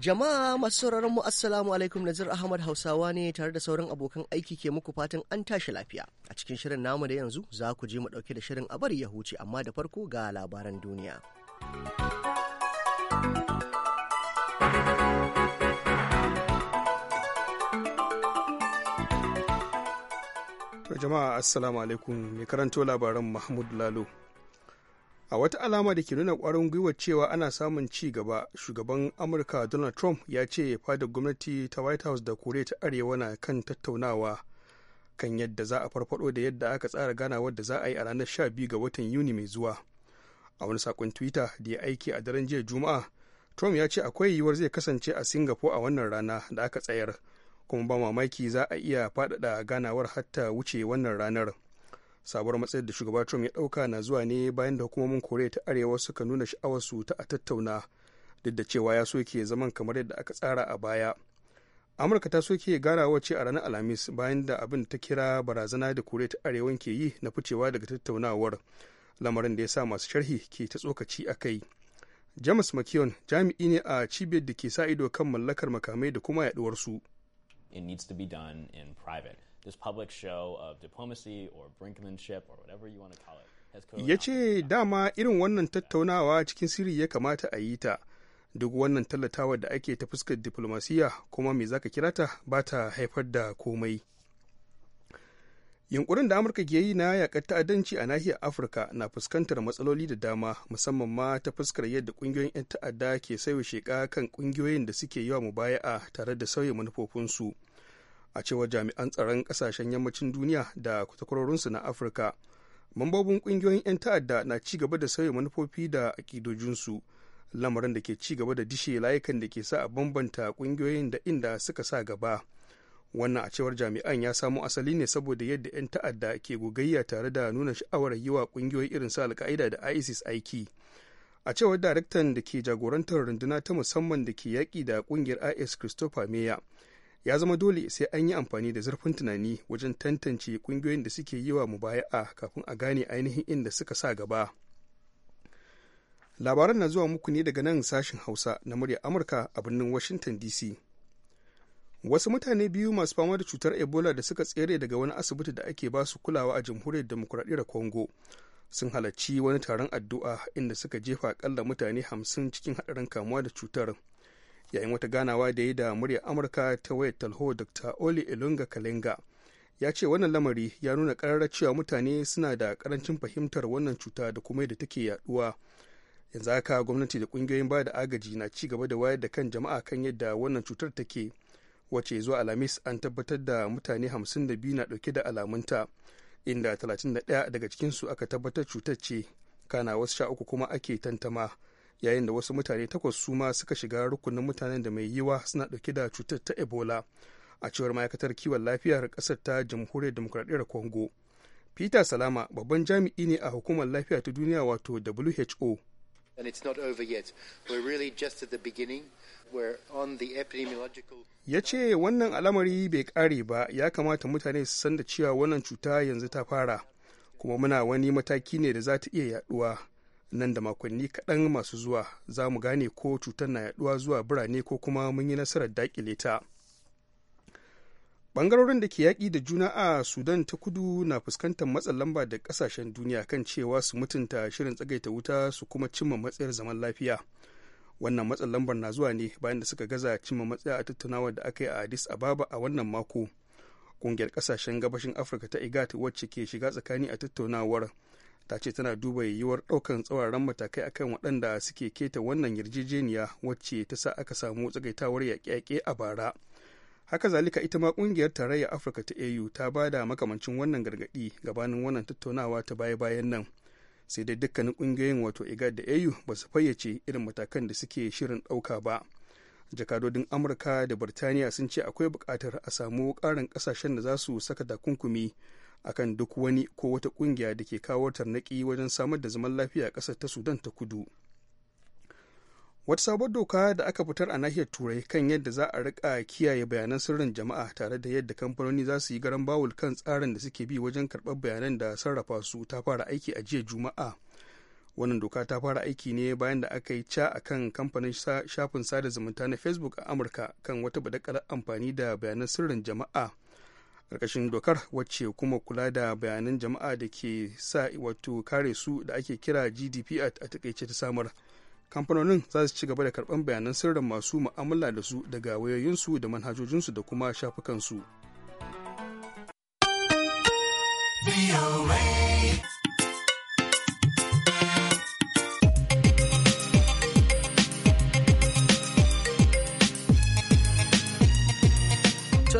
Jama'a masu sauraron mu assalamu alaikum Nazir Ahmad Hausawa ne tare da sauran abokan aiki ke muku fatan an tashi lafiya. A cikin shirin namu da yanzu za ku je mu ɗauke da shirin abar ya huce amma da farko ga labaran duniya. jama'a assalamu alaikum mai karanto labaran Mahmud Lalo. a wata alama da ke nuna kwarin gwiwa cewa ana samun ci gaba shugaban amurka donald trump ya ce fadar gwamnati ta white house da koriya ta arewa na kan tattaunawa kan yadda za a farfado da yadda aka tsara ganawar da za a yi a ranar 12 ga watan yuni mai zuwa a wani sakon twitter da ya aiki a daren jiya juma'a trump ya ce akwai yiwuwar zai kasance a singapore a wannan rana da aka tsayar kuma ba mamaki za a iya faɗaɗa ganawar hatta wuce wannan ranar sabuwar matsayar da shugaba trump ya dauka na zuwa ne bayan da hukumomin koriya ta arewa suka nuna sha'awarsu ta a tattauna duk da cewa ya soke zaman kamar yadda aka tsara a baya amurka ta soke garawa ce a ranar alhamis bayan da abin ta kira barazana da koriya ta arewa ke yi na ficewa daga tattaunawar lamarin da ya sa masu sharhi ke ta tsokaci a kai james mckeon jami'i ne a cibiyar da ke sa ido kan mallakar makamai da kuma yaduwarsu it needs to be done in private this public show of diplomacy or brinkmanship or whatever you want to call it. Ya ce dama irin wannan tattaunawa cikin sirri ya kamata a yi ta. Duk wannan tallatawa da ake ta fuskar diplomasiya kuma me zaka kira ta ba ta haifar da komai. Yunkurin da Amurka ke yi na yakar ta'addanci a nahiyar Afirka na fuskantar matsaloli da dama musamman ma ta fuskar yadda kungiyoyin 'yan ta'adda ke sauya sheka kan kungiyoyin da suke yi wa baya'a tare da sauya manufofinsu. a cewar jami'an tsaron kasashen yammacin duniya da takwarorinsu na afirka mambobin kungiyoyin 'yan ta'adda na ci gaba da sauya manufofi da akidojinsu lamarin da ke ci gaba da dishe layukan da ke sa a bambanta kungiyoyin da inda suka sa gaba wannan a cewar jami'an ya samo asali ne saboda yadda 'yan ta'adda ke gogayya tare da nuna sha'awar yi wa kungiyoyi irin su alka'ida da isis aiki a cewar daraktan da ke jagorantar runduna ta musamman da ke yaƙi da kungiyar is christopher meya ya zama dole sai an yi amfani da zurfin tunani wajen tantance kungiyoyin da suke yi wa mubaya'a kafin a gane ainihin inda suka sa gaba labaran na zuwa muku ne daga nan sashen hausa na murya amurka a birnin washington dc wasu mutane biyu masu fama da cutar ebola da suka tsere daga wani asibiti da ake basu kulawa a jamhuriyar demokuraɗiyyar congo sun halarci wani taron addu'a inda suka jefa akalla mutane hamsin cikin haɗarin kamuwa da cutar yayin wata ganawa da yi da muryar amurka ta wayar talho dr oli elunga kalinga ya ce wannan lamari ya nuna kararra cewa mutane suna da karancin fahimtar wannan cuta da kuma yadda take yaduwa yanzu haka gwamnati da kungiyoyin ba da agaji na ci gaba da wayar da kan jama'a kan yadda wannan cutar take wace zuwa alhamis an tabbatar da mutane 52 na dauke da alamunta inda 31 daga cikinsu aka tabbatar cutar ce kana wasu sha uku kuma ake tantama yayin da wasu mutane takwas suma suka shiga rukunin mutanen da mai yiwa suna ɗauke da cutar ta ebola a cewar ma'aikatar kiwon lafiyar kasar ta jamhuriyar demokradiyyar congo peter salama babban jami'i ne a hukumar lafiya ta duniya wato who Ya ce wannan al'amari bai kare ba, ya kamata mutane su san da cewa wannan cuta yanzu ta fara, kuma muna wani mataki ne da za ta iya yaduwa. nan da makonni kaɗan masu zuwa za mu gane ko cutar na yaduwa zuwa birane ko kuma mun yi nasarar dakile ta bangarorin da ke yaƙi da juna a sudan ta kudu na fuskantar matsin lamba da ƙasashen duniya kan cewa su mutunta shirin tsagaita wuta su kuma cimma matsayar zaman lafiya wannan matsin lambar na zuwa ne bayan da suka gaza cimma matsaya a tattaunawa da aka yi a addis ababa a wannan mako ƙungiyar ƙasashen gabashin afirka ta igat wacce ke shiga tsakani a tattaunawar ta ce tana duba yiwuwar ɗaukan tsawaran matakai akan waɗanda suke keta wannan yarjejeniya wacce ta sa aka samu tsagaitawar yaƙe-yaƙe a bara haka zalika ita ma ƙungiyar tarayya afirka ta au ta ba da makamancin wannan gargaɗi gabanin wannan tattaunawa ta baya-bayan nan sai dai dukkanin ƙungiyoyin wato igad da au ba su fayyace irin matakan da suke shirin ɗauka ba jakadodin amurka da birtaniya sun ce akwai buƙatar a samu ƙarin ƙasashen da za su saka takunkumi akan duk wani ko wata kungiya da ke kawo tarnaki wajen samar da zaman lafiya a ƙasar ta sudan ta kudu wata sabon doka da aka fitar a nahiyar turai kan yadda za a rika kiyaye bayanan sirrin jama'a tare da yadda kamfanoni za su yi garan bawul kan tsarin da suke bi wajen karɓar bayanan da sarrafa su ta fara aiki a jiya juma'a wannan doka ta fara aiki ne bayan da aka yi ca akan kamfanin shafin sada zumunta na facebook a amurka kan wata badakalar amfani da bayanan sirrin jama'a ƙarƙashin dokar wacce kuma kula da bayanan jama'a da ke sa wato kare su da ake kira gdp a takaice ta samar kamfanonin za su ci gaba da karɓar bayanan sirrin masu mu'amala da su daga wayoyinsu da manhajojinsu da kuma shafukansu.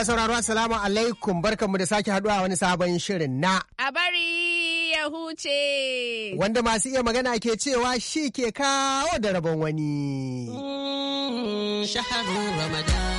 Masu sauraro assalamu alaikum barkanmu da sake haduwa wani sabon shirin na. A bari ya huce. Wanda masu iya magana ke cewa shi ke kawo da rabon wani. Mm, shaharu Ramadan.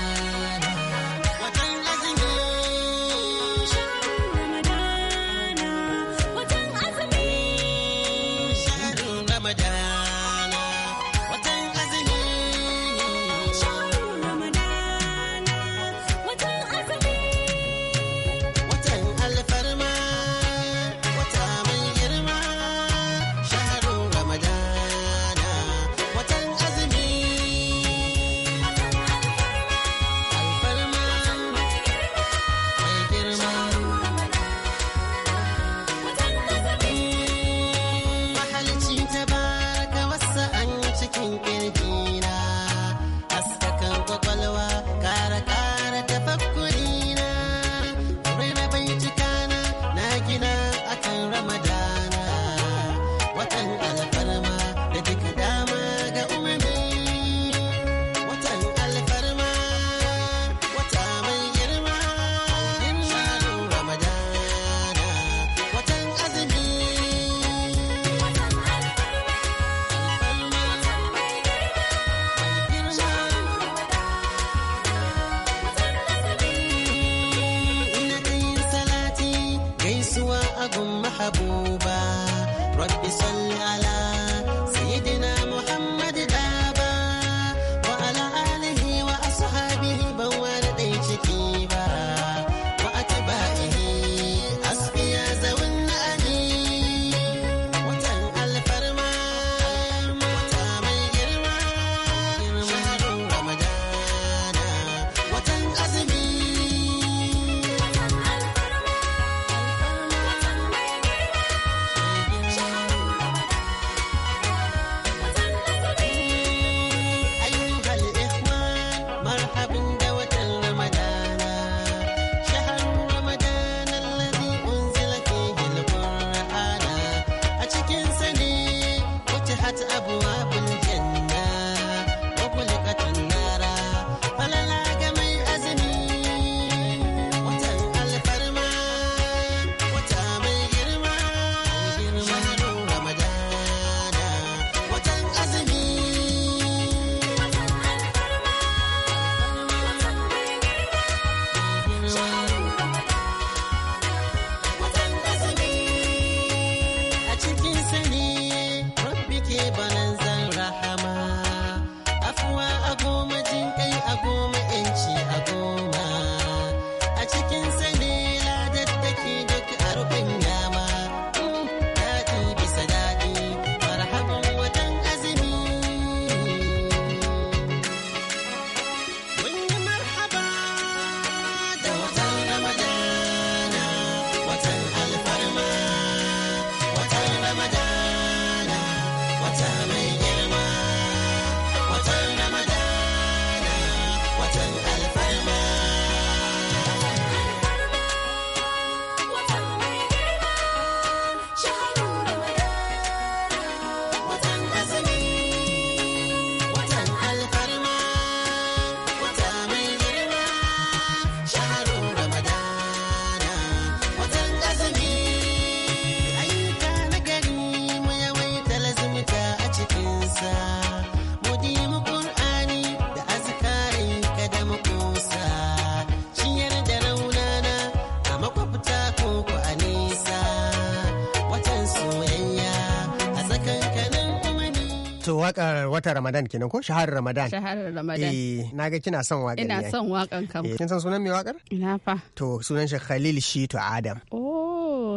watan Ramadan kenan ko shaharar Ramadan. Shahar Ramadan. Eh na ga kina son waƙar. Ina son waƙan kam. Eh, kin san sunan mai waƙar? Ina fa. To sunan shi Khalil Shitu Adam. Oh.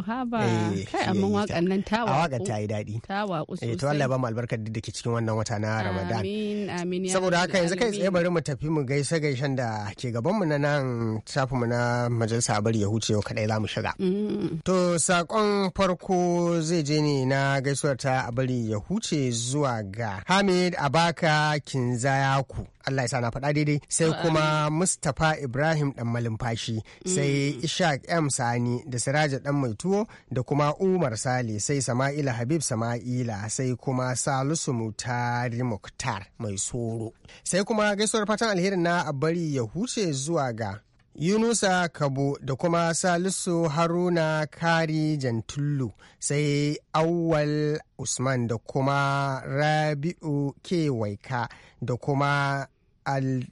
haba. Eh, kai amma wakan nan ta waƙu. A ta yi daɗi. Ta waƙu eh, sosai. to Allah ba mu albarkar da ke cikin wannan wata na Ramadan. Amin, amin. Saboda haka yanzu kai tsaye bari mu tafi mu gaisa gaishen da ke gaban mu na nan shafin mu na majalisa bari ya huce kadai za mu shiga. Mm. To sakon farko zai je ne na gaisuwar ta a bari ya huce zuwa ga Hamid Abaka Kinzayaku. Allah ya sa na faɗa daidai sai kuma Mustapha Ibrahim dan malumfashi sai mm. Ishaq M Sani da Siraja dan mai tuwo da kuma Umar Sale sai Sama'ila Habib Sama'ila sai kuma Salisu Mutari Muktar mai soro sai kuma gaisuwar fatan alherin na bari ya huce zuwa ga Yunusa Kabo da kuma Salisu Haruna Kari Jantullu sai Awwal Usman da kuma Rabi'u Kewaika da kuma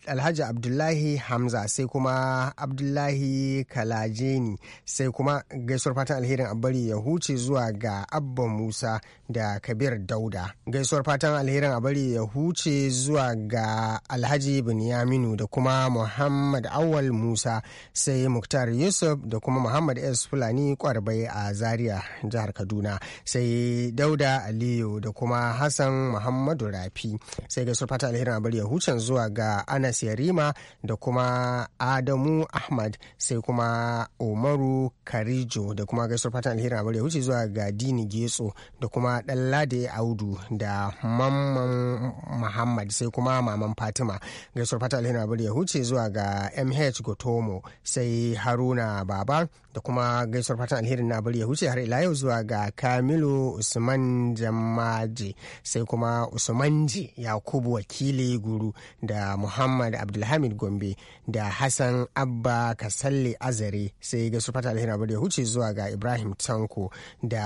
alhaji abdullahi hamza sai kuma abdullahi kalajeni sai kuma gaisuwar fatan alherin abari ya huce zuwa ga abba musa da kabir dauda gaisuwar fatan alherin abari ya huce zuwa ga alhaji binyaminu da kuma muhammad awal musa sai muktar yusuf da kuma muhammad s fulani kwarbai a zaria jihar kaduna sai dauda aliyu da kuma hassan muhammadu rafi sai gaisuwar fatan alherin abari ya huce zuwa ga daga anas yarima da kuma adamu ahmad sai kuma umaru karijo da kuma gaisuwar fatan Alheri abar ya wuce zuwa ga dini getso da kuma ɗanlade audu da mamman muhammad sai kuma maman fatima gaisuwar fatan Alheri abar ya wuce zuwa ga mh gotomo sai haruna baba da kuma gaisuwar fatan alherin na bari ya huce har ila yau zuwa ga kamilu usman jamaje sai kuma usmanji yakubu wakili guru da muhammad abdulhamid gombe da hassan abba kasalle azare sai gaisuwar fatan alherin na bari ya huce zuwa ga ibrahim tanko da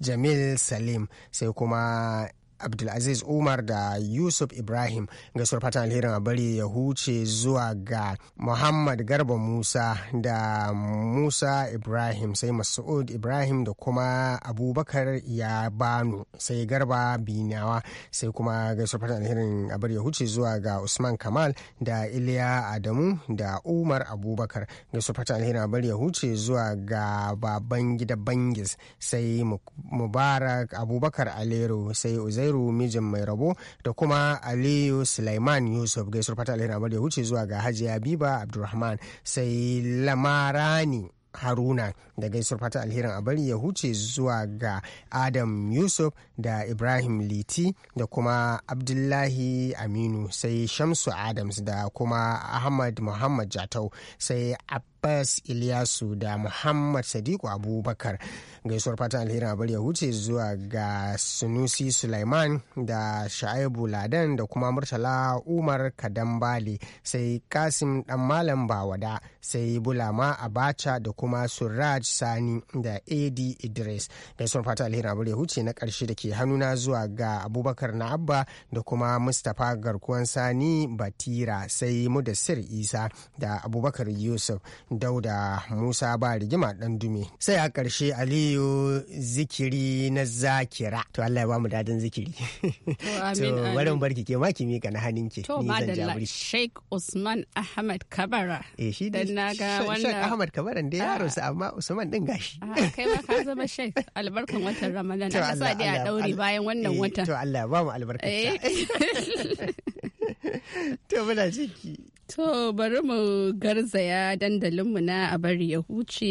jamil salim sai kuma abdulaziz umar da yusuf ibrahim gaisuwar fatan alherin a bari ya huce zuwa ga muhammad garba musa da musa ibrahim sai masud ibrahim da kuma abubakar ya banu sai garba binawa sai kuma gaisuwar fatan alherin a bari ya huce zuwa ga usman kamal da iliya adamu da umar abubakar gaisuwar fatan alherin a bari ya huce zuwa ga baban gida bangis sai mubarak abubakar alero sai uzai Zubairu mijin mai rabo da kuma Aliyu Sulaiman Yusuf gaisuwar fata alheri Ahmad ya wuce zuwa ga Hajiya Habiba Abdulrahman sai Lamarani Haruna da gaisuwar fata alherin a ya huce zuwa ga Adam Yusuf da Ibrahim Liti da kuma Abdullahi Aminu sai Shamsu Adams da kuma Ahmad Muhammad Jatau sai abbas ilyasu da muhammad sadiku abubakar gaisuwar fatan alheri a bari ya huce zuwa ga sunusi sulaiman da sha'ibu ladan da kuma murtala umar Kadambali, sai kasim dan malam bawada sai bulama abacha da kuma suraj sani da ad idris gaisuwar fatan alheri a bari ya huce na karshe da ke hannuna zuwa ga abubakar na abba da kuma mustapha garkuwan sani batira sai mudassir isa da abubakar yusuf dauda musa ba rigima dan dume sai a ƙarshe aliyu zikiri na zakira to allah ya ba mu dadin zikiri to bari barki ke maki mika na hannun ke to madalla sheik usman ahmad kabara eh shi da naga wannan sheik ahmad Kabara. da ya sa amma usman din gashi ah, ah, kai ma ka zama sheik albarkan watan ramadan Allah sa dai a dauri bayan wannan eh, watan to allah ya ba mu albarkar eh. to muna ciki To bari mu garzaya dandalinmu na a bari ya huce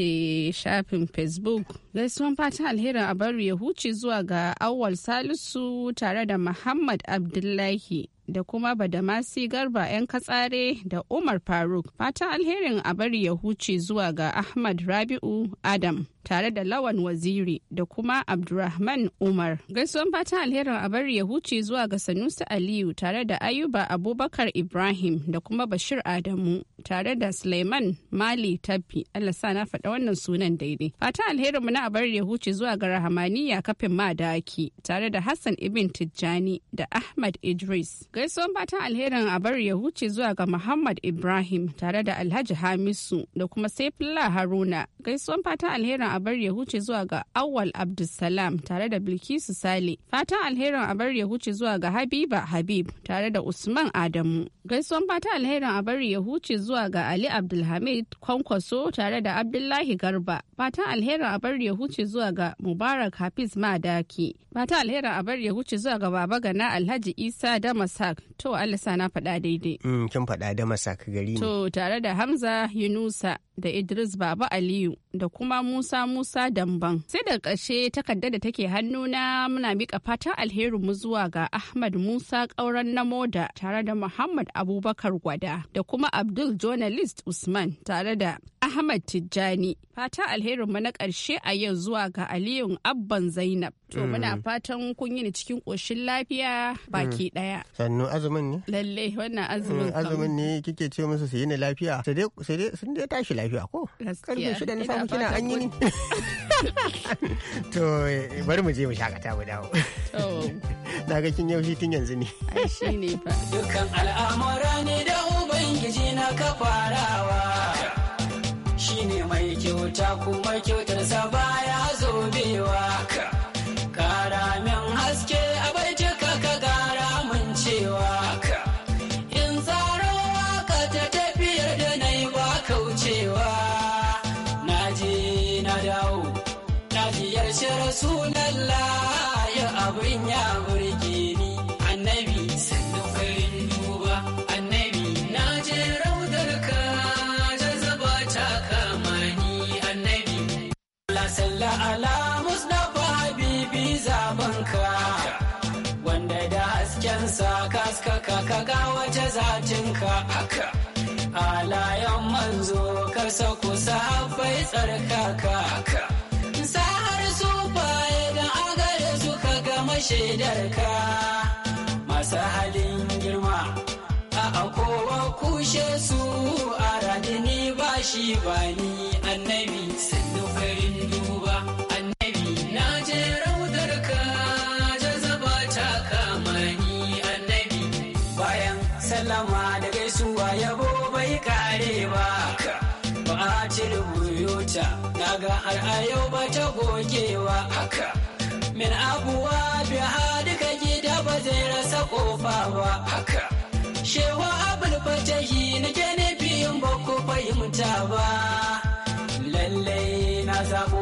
shafin Facebook Gaisuwan fatan alherin a bari ya huce zuwa ga Awwal Salisu tare da Muhammad Abdullahi da kuma Badamasi Garba 'yan katsare da Umar Faruk. Fatan alherin a bari ya huce zuwa ga Ahmad Rabi'u Adam tare da Lawan Waziri da kuma Abdurrahman Umar. Gaisuwan fatan alherin a bari ya huce zuwa ga Sanusi Aliyu tare da Ayuba Abubakar Ibrahim da kuma Bashir Adamu tare da Suleiman Mali Tabbi. Allah sa na faɗa wannan sunan daidai. Fatan alherin mu na a bari ya huce zuwa ga rahamaniya kafin madaki tare da hassan ibn tijjani da ahmad idris gaisuwan fatan alherin a bari ya huce zuwa ga muhammad ibrahim tare da alhaji hamisu da kuma saifullah haruna gaisuwan fatan alherin a bari ya huce zuwa ga awwal abdulsalam tare da bilkisu sale fatan alherin a bari ya huce zuwa ga habiba habib tare da usman adamu gaisuwan fatan alherin a bari ya huce zuwa ga ali abdulhamid kwankwaso tare da abdullahi garba fatan alherin a bari ya huce zuwa ga Mubarak Hafiz Madaki. Mata alherin a bari ya huce zuwa ga Baba Gana Alhaji Isa Damasak. To Allah sa na faɗa daidai. Mm, kin faɗa Damasak gari ne. To tare da Hamza Yunusa da Idris Baba Aliyu da kuma Musa Musa Damban. Sai da ƙarshe takarda da take hannuna muna miƙa fatan alherin mu zuwa ga Ahmad Musa Ƙauran moda. tare da Muhammad Abubakar Gwada da kuma Abdul Journalist Usman tare da Ahmad Tijjani. Fata alherinmu na ƙarshe a yau zuwa ga Aliyun Abban Zainab. To hmm. muna fatan kun yi cikin ƙoshin lafiya hmm. baki ɗaya. Sannu azumin ne? Lalle wannan azumin hmm, Azumin ne kike ce musu su yi ni lafiya. Sai dai sun dai tashi lafiya ko? Karfe shida na samu kina an yi ni. To bari mu je mu shakata mu dawo. Na ga kin yau tun yanzu ne. Ai shi ne fa. Dukkan al'amura ne kyauta kuma kyauta ala Mustapha Habibi zamanka wanda da hasken kaska ka kaga wace zatinka haka alayan manzo ka kusa sahabbai tsarkaka haka sahar su baye da su suka gama shaidarka masu halin girma a kowa kushe su a radini ba shi ba ni annabi sai daga yau ba ta gogewa haka min abuwa biya duka gida ba zai rasa kofa ba haka shewa abul yi na ne biyun ba ku fahimta ba lallai na zabo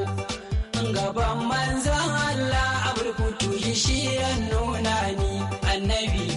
gaban manzan Allah abul kutu shi ya nuna ni annabi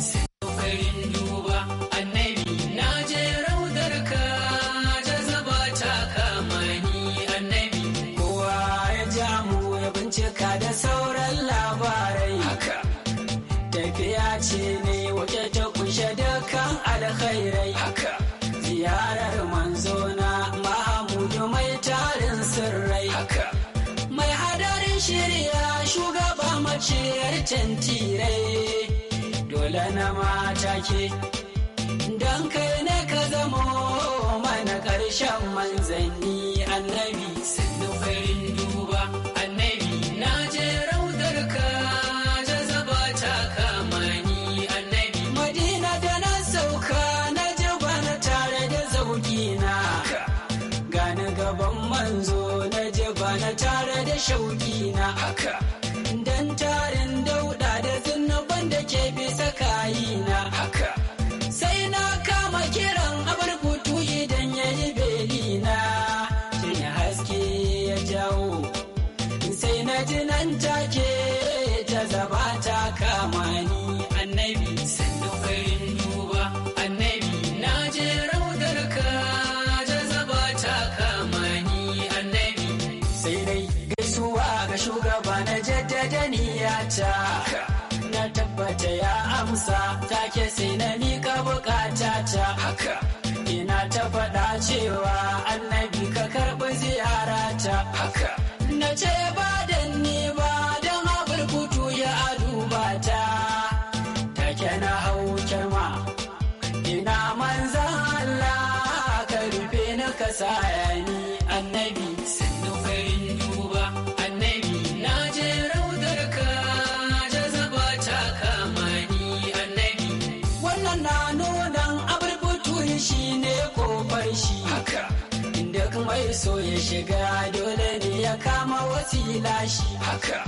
Dan don kai na ka zamo mana ƙarshen manzanni annabi sannu farin duba annabi na je raudar ka jazaba ta kamani annabi madina da na sauka na je bana tare da zauki na gani gaban manzo na je bana tare da shauki na haka cewa annabi ka karɓi ziyara haka na ce ba da ni ba don haɓar kutu ya aduba ta take na hau kyarma ina manzan Allah ka rufe na ka ni so ya shiga dole ne ya kama wasila shi haka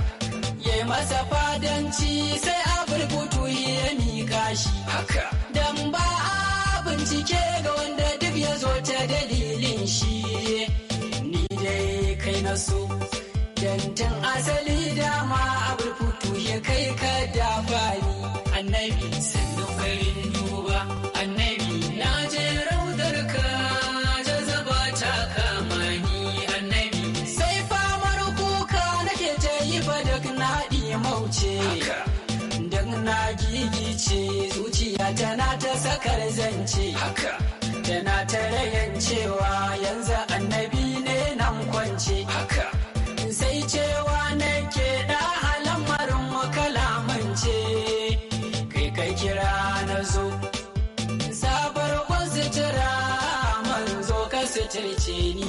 ya masa fadanci sai a burbutu ya mika shi haka dan ba a bincike ga wanda duk ya zo ta dalilin shi ni dai kai na so dantan asali dama a burbutu ya kai ka dafa ni annabi sakar zance haka tana ta rayan cewa yanzu annabi ne nan kwance haka sai cewa na nake da alamarin makalamance kai kai kira na zo sabar wasu jira manzo ka suturce ni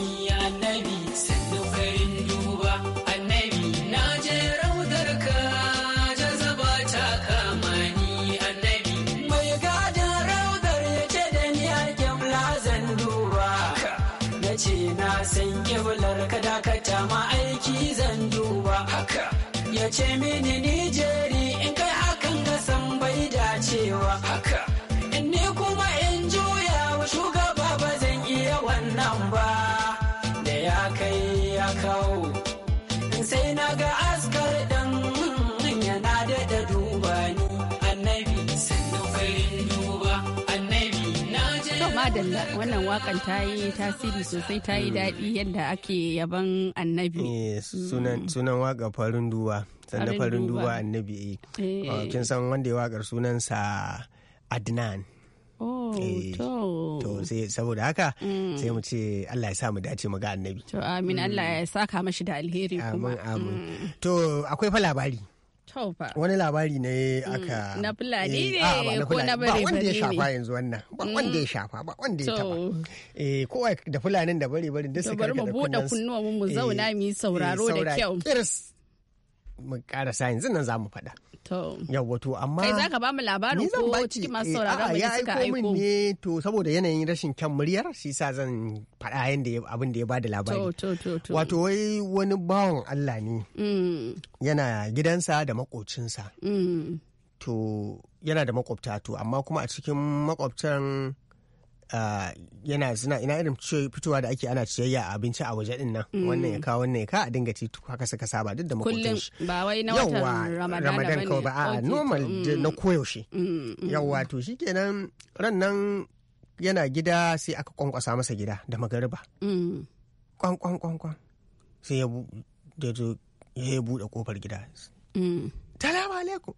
ya ce mini nijeri in kai akan ga san bai dacewa haka in ni kuma in juya wa shugaba ba zan iya wannan ba da ya kai ya kawo in sai na ga askar dan yana da duba ni annabi sannan farin duba annabi na madalla wannan wakan ta yi tasiri sosai ta yi mm. daɗi yadda ake yaban annabi mm. sunan waka farin duwa farin duba annabi eh. ah, kin san wanda ya wakar sunansa adnan Oh, eh, to sai saboda haka mm. sai mu ce Allah ya sa mu dace mu ga annabi to amin mm. Allah ya saka mashi da alheri kuma amin amin mm. to akwai fa labari Wani labari ne mm. aka. Na Fulani eh, ne ko na bare bare ne. Ba wanda ya shafa yanzu wannan. Ba mm. wanda ya shafa ba wanda ya taba. Eh kowa da Fulanin da bare bare duk suka da kunnan. Bari mu buɗe kunnuwa mu zauna mu yi sauraro da kyau. mu karasa yanzu nan za mu faɗa. Yawwa to amma. Kai za ka ba mu labarin ko cikin masu eh, sauraron mu suka aiko. min ne to saboda yanayin rashin kyan muryar shi sa zan faɗa yanda abin da ya bada labari. Wato wai wani bawan Allah ne. Mm. Yana gidansa da makocinsa. Mm. To yana da makwabta to amma kuma a cikin makwabtan yana suna ina irin fitowa da ake ana ciyayya a abinci a waje din nan mm. wannan ya kawo wannan ya ka a dinga ci haka suka saba duk da makotin shi ba wai na watan ramadan kawai ba a normal mm. na koyaushe mm, yawa to shikenan ran nan yana gida sai aka kwankwasa masa gida da magariba kwankwan kwankwan kwan kwan sai ya ya buɗe kofar gida salamu alaikum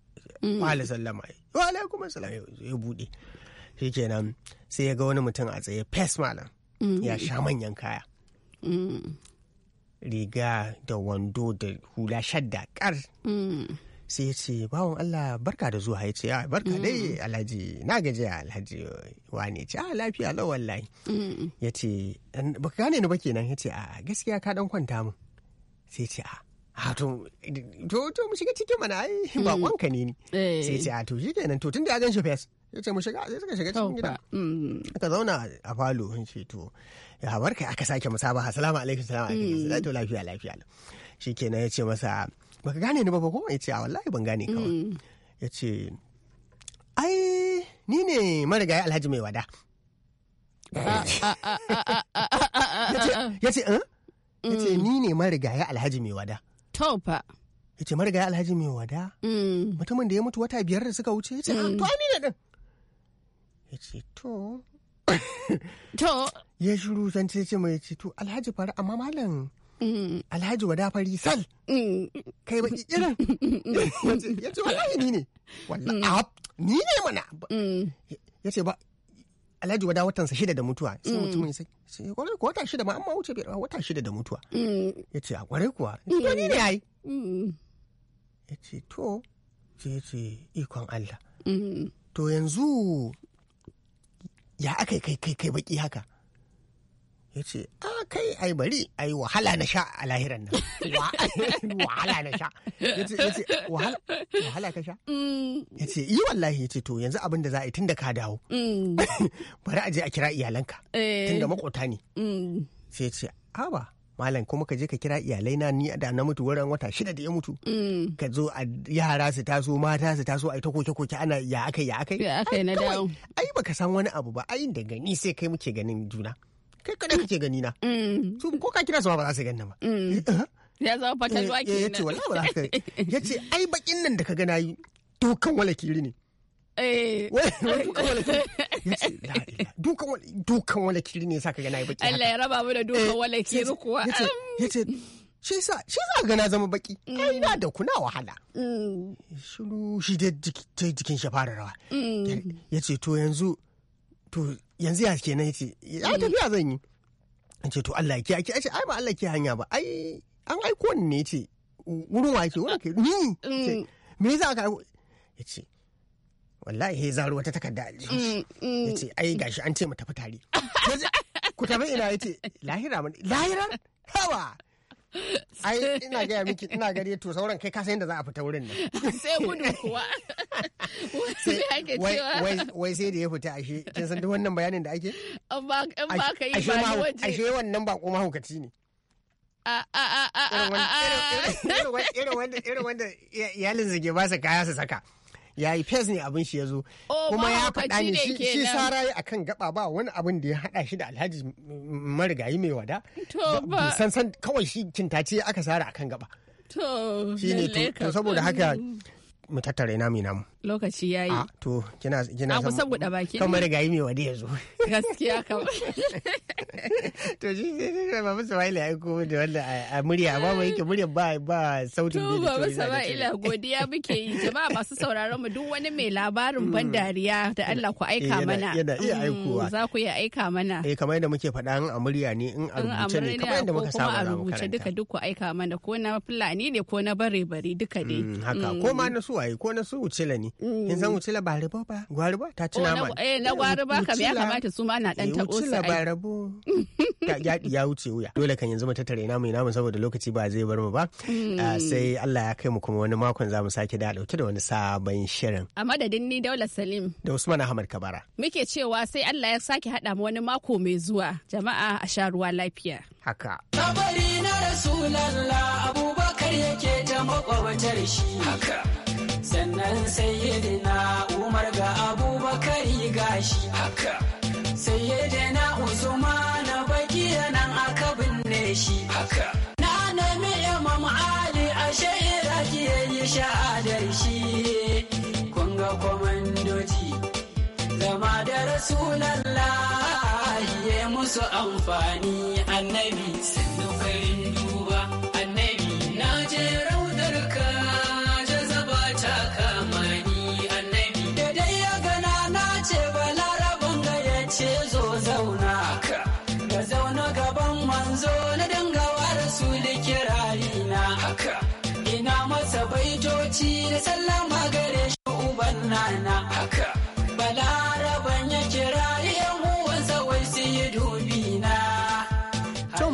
wa alaikum wa assalam ya buɗe shikenan sai ya ga wani mutum a tsaye fes malam mm-hmm. ya sha manyan kaya mm-hmm. riga da wando da hula shadda kar mm-hmm. sai ya ce bawon Allah barka da zuwa ya ce ya ah, barka dai alhaji na gaji alhaji wane ce a ah, lafiya lau wallahi ya ce baka gane ni ba kenan ya ce a ah, gaskiya ka dan kwanta mu. sai ce a a to to mu shiga cikin mana ai bakon ka ne ni eh. sai ce a to shi kenan to tun da ya gan shi fes ya ce mu shiga sai suka shiga cikin gida mm. aka zauna a falo in ce to ya barka aka sake ba salamu alaikum salamu alaikum mm. sai to lafiya lafiya shikenan ya ce masa baka gane ni ba ko ya ce a wallahi ban gane kawai. Mm. ya ce ai ni ne marigayi alhaji mai wada ya ce ya ce eh? ni ne marigayi alhaji mai wada ya ce marigayi alhaji mai wada mutumin da ya mutu wata biyar da suka wuce ya ce ah, to ai ni ne din ya ce to to ya shuru san ce ce mai ce to alhaji fara amma malam mm. alhaji wada fari sal mm. kai ba irin ya ce wallahi ni ne wallahi mm. ni ne mana ya ce ba alhaji wada watansa shida da mutuwa sai mutum ya sai kwarai kuwa wata shida ma amma wuce bai wata shida da mutuwa ya ce a kwarai kuwa to ni ne ai ya ce to ya ce ikon Allah to yanzu ya aka kai kai kai baki haka ya ce a kai ai bari ai wahala na sha a lahiran nan wahala na sha ya ce wahala ka sha mm. ya ce yi wallahi ya ce to yanzu abin da za a yi tun da ka dawo mm. bari a je a kira iyalanka eh. tun da makota ne mm. sai ya ce haba malam kuma ka je ka kira iyalai na ni da na mutu wurin wata shida da ya mutu mm. ka zo a yara su taso mata su taso ai ta koke koke ana ya aka ya aka ya na dawo ai baka san wani abu ba ai da gani sai kai muke ganin juna kai kada kake gani na mm. su ko ka kira su ba za su ganna ba mm. eh, eh. ya zama fatalwa eh, kenan ya ce wallahi ba za ka ya ce ai bakin nan da ka ga nayi to kan wala kiri ne Eh. dukan walakiri ne saka gana ya baki Allah ya raba mu da dukan eh, walakiri kuwa yace shi sa shi sa ga na zama baki kai mm. na da kuna wahala mm. shiru shi dai jikin shi fara rawa mm. yace to yanzu to yanzu ya kenan yace ya tafiya zan yi yace to Allah ya ki ai ba Allah ke hanya ba ai an aiko ni ne yace wurin wa yake wurin ke ni me yasa ka yace wallahi ya zaro wata takarda aljihu mm, mm. ya ce ai gashi an ce mu tafi tare ku tafi ina ya ce lahira mun lahira hawa ai ina gaya miki ina gari to sauran kai kasa yadda za a fita wurin nan sai gudu kuwa wai sai da ya fita ashe kin san duk wannan bayanin da ake an ba ka yi ba ashe wannan ba ko mahaukaci ne a wanda iyalin zage ba su kaya su saka ya yi fes ne abin shi ya zo oh, kuma ya faɗa ne shi sara a kan gaba ba wani abin da ya haɗa shi da alhaji marigayi mai wada san san kawai shi kintace aka sara a kan gaba shi ne to saboda haka mu tattara ina namu lokaci ya yi to kina kina san kusa buɗe baki kamar ga yi mai ya zo gaskiya kama to shi ne babu samaila ya ko da wanda a murya ba ba yake murya ba ba sautin da to babu samaila godiya muke yi jama'a masu sauraron mu duk wani mai labarin ban mm. dariya da Allah ku aika eh, mana yana iya mm, aikowa za ku iya aika mana eh kamar yadda muke faɗa a murya ne in a rubuce ne kamar yadda muka saba a rubuce duka duk ku aika mana ko na fulani ne ko na bare bare duka dai mm, haka ko ma na suwaye ko na su wuce ne Mm. in san wucila ba ribo ba ta ci oh, nama eh na ba kam ya kamata su ma na dan eh, tabo su ai ba rabo ya ya wuce wuya dole kan yanzu mu tattare namu namu saboda lokaci ba zai bar mu ba mm. ah, sai Allah ya kai mu kuma wani makon zamu sake da dauke da wani sabon shirin a madadin ni Daula Salim da Usman Ahmad Kabara muke cewa sai Allah ya sake hada mu wani mako mai zuwa jama'a a sha ruwa lafiya haka kabari na rasulullah abubakar yake ta makwabatar shi haka sannan sayyidina umar ga abubakari gashi haka sayyidina na baki nan aka binne shi haka na nemi imam ali a sha'ira yayi sha'adar shi Kunga ga kwamandoji zama da rasulallah ya musu amfani annabi